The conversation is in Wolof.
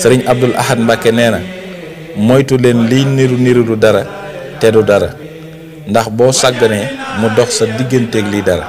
sëriñ Abdul Ahad Mbàkke nee na moytu leen liy niru niru du dara te du dara ndax boo sàgganee mu dox sa digganteeg lii dara